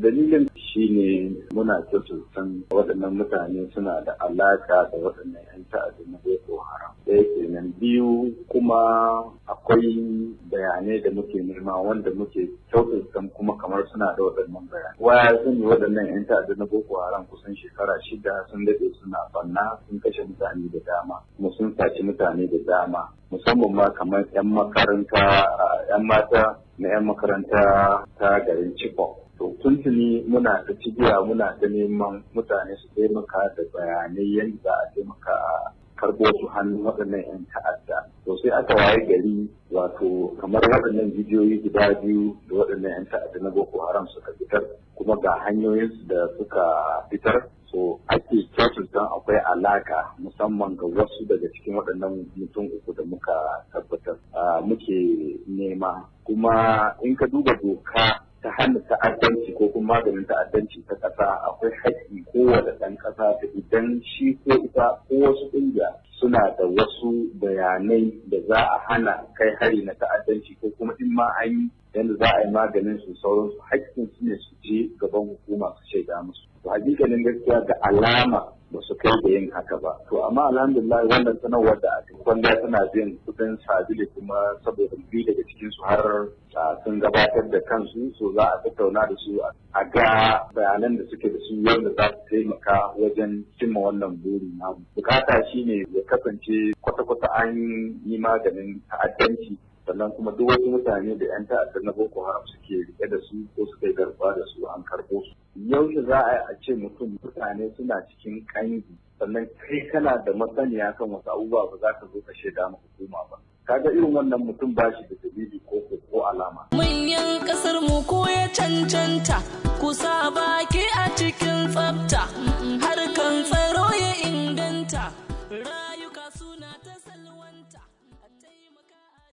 Dalilin shi ne muna san waɗannan mutane suna da alaƙa da waɗannan 'yan ta'adda na Boko Haram. Ɗaya kenan biyu kuma akwai bayanai da muke nema wanda muke san kuma kamar suna da waɗannan bayanai. Waya sun yi waɗannan 'yan ta'adda na Boko Haram kusan shekara shida sun daɗe suna banna sun kashe mutane da dama kuma sun saci mutane da dama musamman ma kamar 'yan makaranta 'yan mata na 'yan makaranta ta garin Chibok. to tuntuni muna da cibiya muna da neman mutane su taimaka da bayanai yadda za a taimaka a karbo su hannun waɗannan 'yan ta'adda to sai aka waye gari wato kamar waɗannan bidiyoyi guda biyu da waɗannan 'yan ta'adda na boko haram suka fitar kuma ga hanyoyinsu da suka fitar so ake kyautata akwai alaka musamman ga wasu daga cikin waɗannan mutum uku da muka tabbatar muke nema kuma in ka duba doka ta hana ta'addanci ko kuma maganin ta'addanci ta ƙasa akwai haƙƙi kowane ɗan ƙasa da idan shi ko ita ko wasu ƙungiya suna da wasu bayanai da za a hana kai hari na ta'addanci ko kuma in ma an yi yadda za a yi maganin su sauransu haƙƙin su ne su je gaban hukuma su shaida musu. To hakikanin gaskiya da alama ba su kai da yin haka ba to amma alhamdulillah wannan sanarwar da aka kwanda tana biyan kudin sabili kuma saboda biyu daga cikin su har sun gabatar da kansu so za a tattauna da su a ga bayanan da suke da su yadda za su taimaka wajen cimma wannan burin namu. Bukata shi ne ya kasance kwata-kwata an yi maganin ta'addanci sannan kuma duk wasu mutane da 'yan ta'adda na Boko Haram suke rike da su ko suka yi garba da su an karɓo su. Yaushe za a yi a ce mutum mutane suna cikin ƙangi sannan kai kana da masaniya kan wasu abubuwa ba za ka zo ka shaida ma hukuma ba. kaga irin wannan mutum ba shi da dalili ko ko alama. Manyan kasar mu ko ya cancanta, ku sa baki a cikin tsafta.